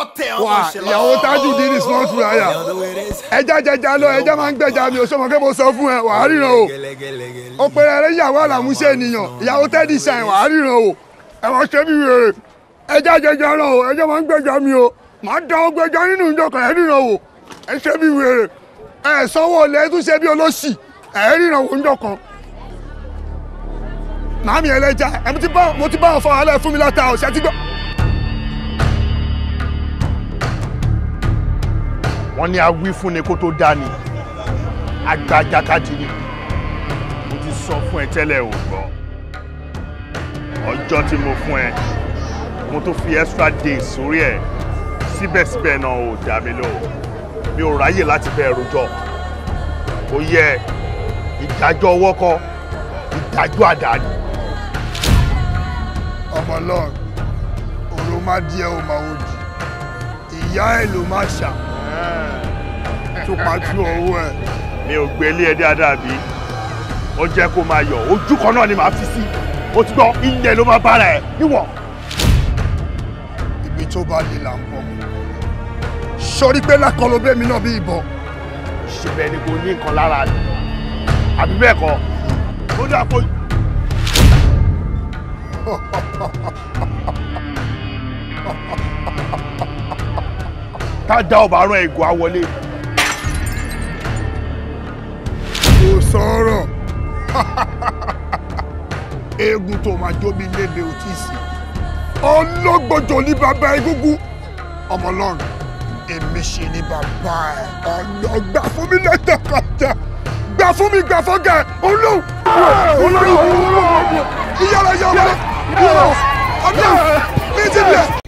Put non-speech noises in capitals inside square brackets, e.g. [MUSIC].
wa ìyàwó tájú di small school aya ẹja jẹja lọ ẹja máa ń gbẹja mi ò sọmọ mo sọ o òpèrè rẹ ìyàwó àlàmúṣe ènìyàn ìyàwó tẹ́ẹ̀dì sàn ríran o ṣe mi wèrè ẹja jẹja lọ o ẹja máa ń gbẹja mi o màá dán ọ gbẹja nínú ìjọkàn ẹ ríran o ẹ ṣe mi wèrè ẹ sanwó tún ṣe bí olóṣì ẹ ríran o ìjọkàn màámi ẹlẹja mo ti bá mi ti wọ́n ní awí fún ni kó tó dá ni agbájákadì ni mo ti sọ fún ẹ tẹ́lẹ̀ ò gbọ́ ọjọ́ tí mo fún ẹ mo tó fi extra days sórí ẹ síbẹ̀síbẹ̀ náà ò dá mi lò mi ò ráyè láti bẹ́ẹ̀ rojọ́ ó yẹ ìdájọ́ ọwọ́ kọ́ ìdájọ́ àdáni. ọmọ náà òru má díẹ̀ ó máa wò jù ìyá ẹ̀ ló má ṣà tó pàtó owó ẹ̀. mi ò gbélé ẹ dáadáa bí ó jẹ́ kó máa yọ ojú kan náà ni màá fi sí ó ti gbọ́ ilẹ̀ ló máa bára ẹ̀ níwọ̀. ibi tó bá lè là ń bọ̀ sọrí pé lákọlọ bẹ́ẹ̀ mi náà bí ìbọn. ṣùgbọ́n ẹni kò ní nǹkan lára rẹ̀ àbí bẹ́ẹ̀ kọ́ ó dà kó. [LAUGHS] tá a dá ọba rán ẹ̀gọ́ á wọlé. sọ̀rọ̀ eégún tó máa jóbi lébe ò tí ì sí ọlọ́gbọ́jọ ní bàbá egúngún ọmọ ọlọ́run èmi ṣe ní bàbá ẹ ọlọ́gbà fún mi lẹ́tẹ̀kọ̀tẹ̀ gbà fún mi gbà fọ́gà ẹ olóhùn olóhùn olóhùn iyára yọ ọmọ ọdún mi ti bẹ̀.